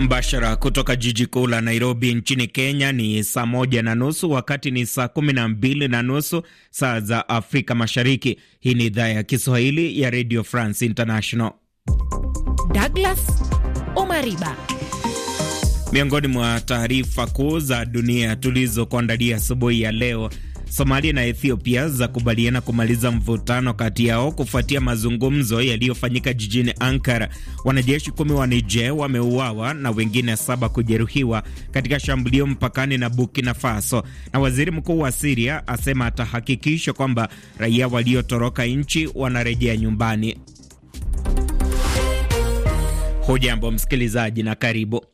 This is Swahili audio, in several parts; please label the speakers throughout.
Speaker 1: Mbashara kutoka jiji kuu la Nairobi nchini Kenya ni saa moja na nusu, wakati ni saa kumi na mbili na nusu saa za Afrika Mashariki. Hii ni idhaa ya Kiswahili ya Radio France International.
Speaker 2: Douglas Omariba,
Speaker 1: miongoni mwa taarifa kuu za dunia tulizokuandalia asubuhi ya leo Somalia na Ethiopia zakubaliana kumaliza mvutano kati yao kufuatia mazungumzo yaliyofanyika jijini Ankara. Wanajeshi kumi wa Niger wameuawa na wengine saba kujeruhiwa katika shambulio mpakani na Burkina Faso, na waziri mkuu wa Siria asema atahakikisha kwamba raia waliotoroka nchi wanarejea nyumbani. Hujambo msikilizaji na karibu.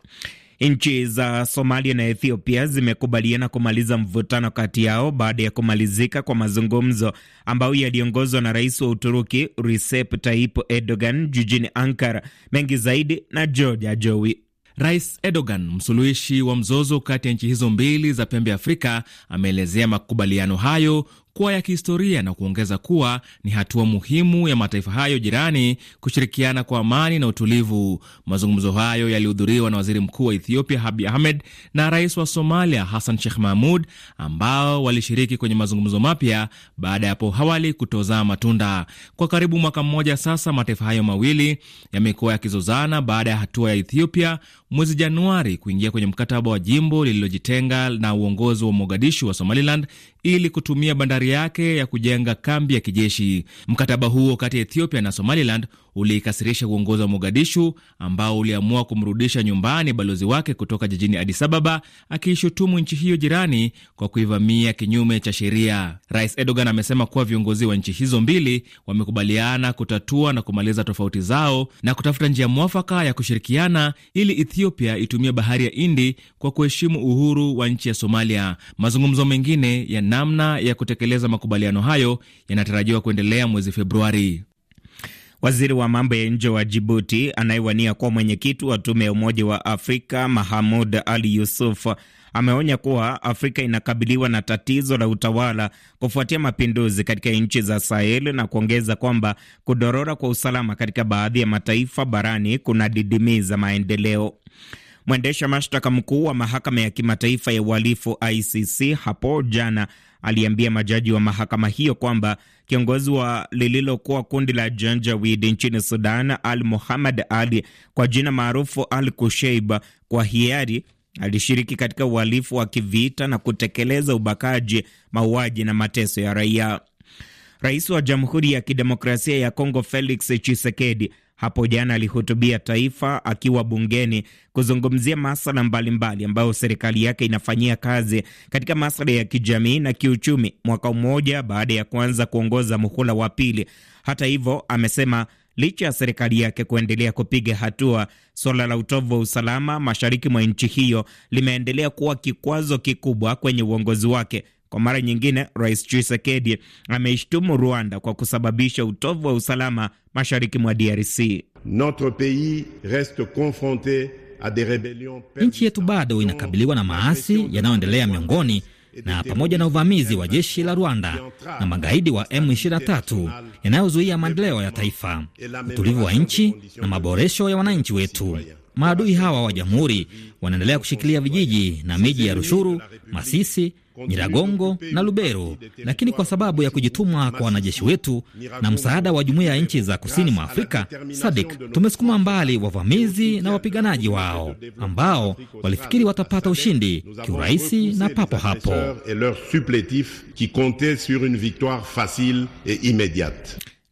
Speaker 1: Nchi za Somalia na Ethiopia zimekubaliana kumaliza mvutano kati yao baada ya kumalizika kwa mazungumzo ambayo yaliongozwa na rais wa Uturuki Recep Tayyip Erdogan jijini Ankara. Mengi zaidi na Georgia jowi Rais Erdogan, msuluhishi wa mzozo kati ya nchi hizo mbili za pembe
Speaker 3: Afrika, ameelezea makubaliano hayo kuwa ya kihistoria na kuongeza kuwa ni hatua muhimu ya mataifa hayo jirani kushirikiana kwa amani na utulivu. Mazungumzo hayo yalihudhuriwa na waziri mkuu wa Ethiopia Abiy Ahmed na rais wa Somalia Hassan Sheikh Mahmud, ambao walishiriki kwenye mazungumzo mapya baada ya hapo awali kutozaa matunda. Kwa karibu mwaka mmoja sasa, mataifa hayo mawili yamekuwa yakizozana baada ya hatua ya Ethiopia mwezi Januari kuingia kwenye mkataba wa jimbo lililojitenga na uongozi wa Mogadishu wa Somaliland ili kutumia bandari yake ya kujenga kambi ya kijeshi. Mkataba huo kati ya Ethiopia na Somaliland uliikasirisha uongozi wa Mogadishu ambao uliamua kumrudisha nyumbani balozi wake kutoka jijini Addis Ababa, akiishutumu nchi hiyo jirani kwa kuivamia kinyume cha sheria. Rais Erdogan amesema kuwa viongozi wa nchi hizo mbili wamekubaliana kutatua na kumaliza tofauti zao na kutafuta njia mwafaka ya kushirikiana ili Ethiopia itumie bahari ya Hindi kwa kuheshimu uhuru wa nchi ya Somalia. Mazungumzo mengine ya namna ya kutekeleza makubaliano hayo yanatarajiwa kuendelea mwezi
Speaker 1: Februari. Waziri wa mambo ya nje wa Jibuti anayewania kuwa mwenyekiti wa tume ya Umoja wa Afrika Mahamud Ali Yusuf ameonya kuwa Afrika inakabiliwa na tatizo la utawala kufuatia mapinduzi katika nchi za Sahel na kuongeza kwamba kudorora kwa usalama katika baadhi ya mataifa barani kunadidimiza maendeleo. Mwendesha mashtaka mkuu wa mahakama ya kimataifa ya uhalifu ICC hapo jana aliambia majaji wa mahakama hiyo kwamba kiongozi wa lililokuwa kundi la Janjawid nchini Sudan, Al Muhammad Ali kwa jina maarufu Al Kusheib, kwa hiari alishiriki katika uhalifu wa kivita na kutekeleza ubakaji, mauaji na mateso ya raia. Rais wa Jamhuri ya Kidemokrasia ya Kongo Felix Tshisekedi hapo jana alihutubia taifa akiwa bungeni kuzungumzia masala mbalimbali ambayo serikali yake inafanyia kazi katika masala ya kijamii na kiuchumi, mwaka mmoja baada ya kuanza kuongoza muhula wa pili. Hata hivyo, amesema licha ya serikali yake kuendelea kupiga hatua, suala la utovu wa usalama mashariki mwa nchi hiyo limeendelea kuwa kikwazo kikubwa kwenye uongozi wake. Kwa mara nyingine, Rais Tshisekedi ameishtumu Rwanda kwa kusababisha utovu wa usalama mashariki mwa DRC.
Speaker 4: Notre pays reste confronte a des rebellions.
Speaker 2: Nchi yetu bado inakabiliwa na maasi yanayoendelea miongoni na pamoja na uvamizi wa jeshi la Rwanda na magaidi wa M23 yanayozuia maendeleo ya taifa, utulivu wa nchi na maboresho ya wananchi wetu. Maadui hawa wa jamhuri wanaendelea kushikilia vijiji na miji ya Rushuru, Masisi Nyiragongo na Lubero, lakini kwa sababu ya kujitumwa kwa wanajeshi wetu na msaada wa jumuiya ya nchi za kusini mwa Afrika SADC, tumesukuma mbali wavamizi na wapiganaji wao ambao walifikiri watapata ushindi kiurahisi na papo hapo.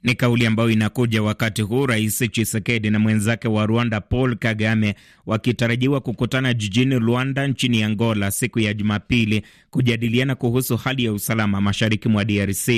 Speaker 1: Ni kauli ambayo inakuja wakati huu Rais Chisekedi na mwenzake wa Rwanda Paul Kagame wakitarajiwa kukutana jijini Luanda nchini Angola siku ya Jumapili kujadiliana kuhusu hali ya usalama mashariki mwa DRC.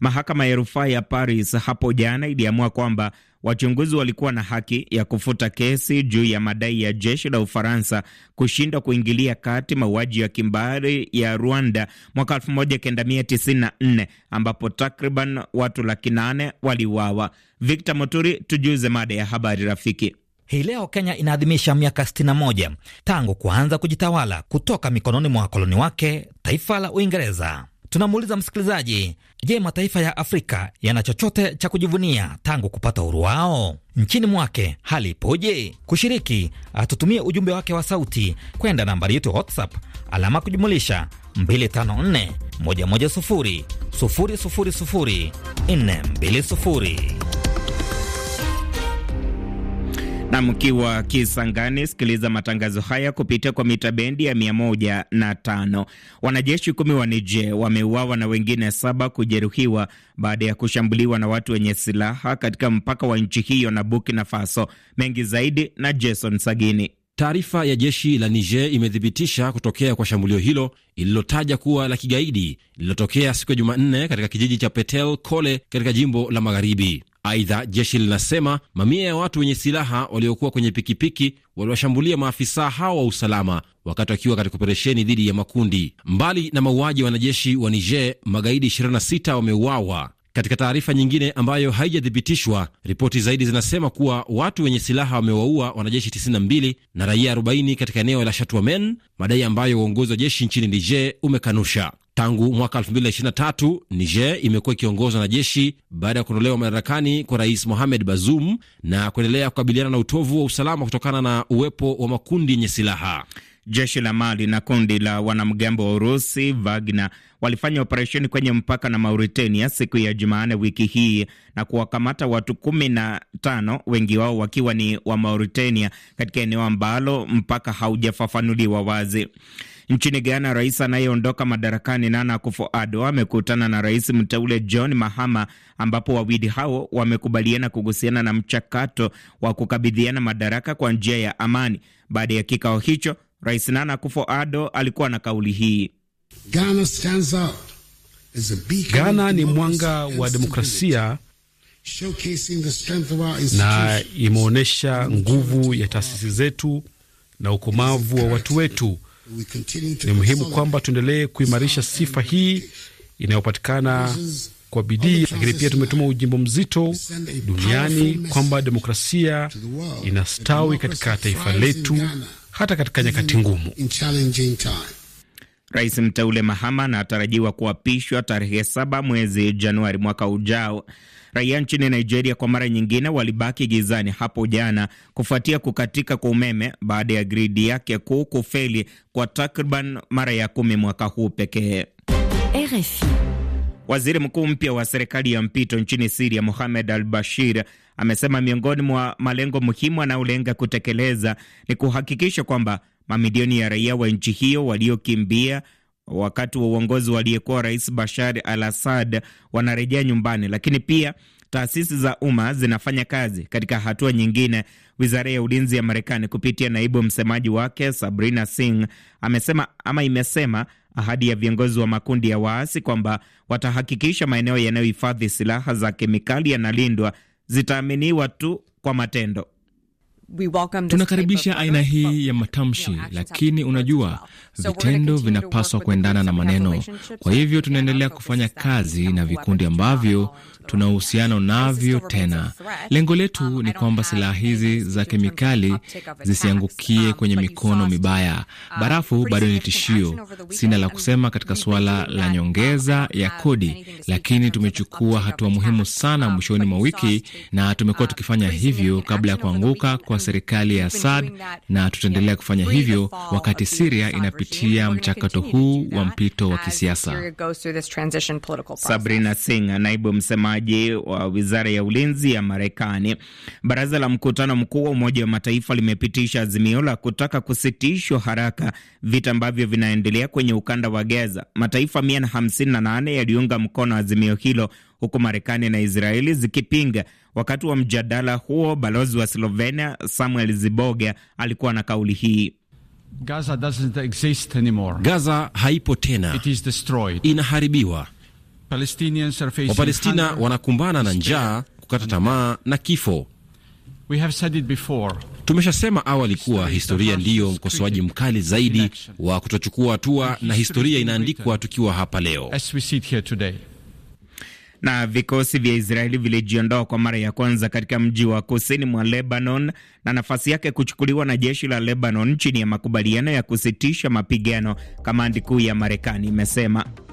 Speaker 1: Mahakama ya rufaa ya Paris hapo jana iliamua kwamba wachunguzi walikuwa na haki ya kufuta kesi juu ya madai ya jeshi la Ufaransa kushindwa kuingilia kati mauaji ya kimbari ya Rwanda mwaka 1994 ambapo takriban watu laki nane
Speaker 2: waliuawa. Victor Moturi, tujuze mada ya habari rafiki. Hii leo Kenya inaadhimisha miaka 61 tangu kuanza kujitawala kutoka mikononi mwa wakoloni wake taifa la Uingereza. Tunamuuliza msikilizaji, je, mataifa ya Afrika yana chochote cha kujivunia tangu kupata uhuru wao? Nchini mwake hali ipoje? Kushiriki atutumie ah, ujumbe wake wa sauti kwenda nambari yetu WhatsApp alama kujumulisha 254 110 000 420 na mkiwa
Speaker 1: Kisangani, sikiliza matangazo haya kupitia kwa mita bendi ya mia moja na tano. Wanajeshi kumi wa Niger wameuawa na wengine saba kujeruhiwa baada ya kushambuliwa na watu wenye silaha katika mpaka wa nchi hiyo na Burkina Faso. Mengi zaidi na Jason Sagini. Taarifa ya jeshi la Niger imethibitisha kutokea kwa shambulio hilo ililotaja
Speaker 4: kuwa la kigaidi lililotokea siku ya Jumanne katika kijiji cha Petel Kole katika jimbo la magharibi. Aidha, jeshi linasema mamia ya watu wenye silaha waliokuwa kwenye pikipiki waliwashambulia maafisa hao wa usalama wakati wakiwa katika operesheni dhidi ya makundi. Mbali na mauaji ya wanajeshi wa Niger, magaidi 26 wameuawa. Katika taarifa nyingine ambayo haijathibitishwa, ripoti zaidi zinasema kuwa watu wenye silaha wamewaua wanajeshi 92 na raia 40 katika eneo la Shatuamen, madai ambayo uongozi wa jeshi nchini Niger umekanusha. Tangu mwaka 2023 Niger imekuwa ikiongozwa na jeshi baada ya kuondolewa madarakani kwa Rais Mohamed Bazoum na kuendelea kukabiliana na utovu wa usalama kutokana
Speaker 1: na uwepo wa makundi yenye silaha. Jeshi la Mali na kundi la wanamgambo wa Urusi Wagner walifanya operesheni kwenye mpaka na Mauritania siku ya Jumanne wiki hii na kuwakamata watu kumi na tano, wengi wao wakiwa ni wa Mauritania katika eneo ambalo mpaka haujafafanuliwa wazi. Nchini Ghana, rais anayeondoka madarakani Nana Akufo-Addo amekutana na rais mteule John Mahama, ambapo wawili hao wamekubaliana kuhusiana na mchakato wa kukabidhiana madaraka kwa njia ya amani. Baada ya kikao hicho, rais Nana Akufo-Addo alikuwa na kauli hii:
Speaker 2: Ghana stands out
Speaker 1: as
Speaker 3: a
Speaker 2: beacon, Ghana ni mwanga wa
Speaker 1: demokrasia
Speaker 3: na imeonyesha nguvu ya taasisi zetu na ukomavu wa watu wetu ni muhimu kwamba tuendelee kuimarisha sifa hii inayopatikana kwa bidii, lakini pia tumetuma ujimbo mzito duniani kwamba demokrasia inastawi katika taifa letu hata katika nyakati ngumu.
Speaker 1: Rais mteule Mahama anatarajiwa kuapishwa tarehe saba mwezi Januari mwaka ujao. Raia nchini Nigeria kwa mara nyingine walibaki gizani hapo jana kufuatia kukatika kwa umeme baada ya gridi yake kuu kufeli kwa takriban mara ya kumi mwaka huu pekee. RFI. Waziri mkuu mpya wa serikali ya mpito nchini Siria, Mohamed Al Bashir, amesema miongoni mwa malengo muhimu anayolenga kutekeleza ni kuhakikisha kwamba Mamilioni ya raia wa nchi hiyo waliokimbia wakati wa uongozi waliyekuwa Rais Bashar al Assad wanarejea nyumbani, lakini pia taasisi za umma zinafanya kazi. Katika hatua nyingine, wizara ya ulinzi ya Marekani kupitia naibu msemaji wake Sabrina Singh amesema ama imesema ahadi ya viongozi wa makundi ya waasi kwamba watahakikisha maeneo yanayohifadhi silaha za kemikali yanalindwa zitaaminiwa tu kwa matendo.
Speaker 3: Tunakaribisha aina hii ya matamshi, lakini unajua vitendo vinapaswa kuendana na maneno. Kwa hivyo tunaendelea kufanya kazi na vikundi ambavyo tuna uhusiano navyo tena. Lengo um, letu ni kwamba silaha hizi za kemikali zisiangukie um, kwenye mikono mibaya. Um, Barafu bado ni tishio. Sina la kusema katika suala la nyongeza ya kodi, lakini tumechukua hatua muhimu sana mwishoni mwa wiki, na tumekuwa tukifanya hivyo kabla ya kuanguka kwa serikali ya Assad
Speaker 1: na tutaendelea kufanya hivyo wakati Siria inapitia mchakato huu wa mpito wa kisiasa.
Speaker 2: Sabrina
Speaker 1: Singh, naibu msemaji wa wizara ya ulinzi ya Marekani. Baraza la mkutano mkuu wa Umoja wa Mataifa limepitisha azimio la kutaka kusitishwa haraka vita ambavyo vinaendelea kwenye ukanda wa Gaza. Mataifa 158 yaliunga mkono azimio hilo huku Marekani na Israeli zikipinga. Wakati wa mjadala huo, balozi wa Slovenia Samuel Ziboga alikuwa na kauli hii.
Speaker 4: Gaza, doesn't exist anymore. Gaza haipo tena. It is destroyed. Inaharibiwa. Wapalestina wanakumbana na njaa, kukata tamaa na kifo. We have said it before. Tumeshasema awali kuwa historia ndiyo mkosoaji mkali zaidi wa kutochukua hatua na historia inaandikwa tukiwa hapa leo.
Speaker 1: As we sit here today na vikosi vya Israeli vilijiondoa kwa mara ya kwanza katika mji wa kusini mwa Lebanon na nafasi yake kuchukuliwa na jeshi la Lebanon chini ya makubaliano ya kusitisha mapigano, kamandi kuu ya Marekani imesema.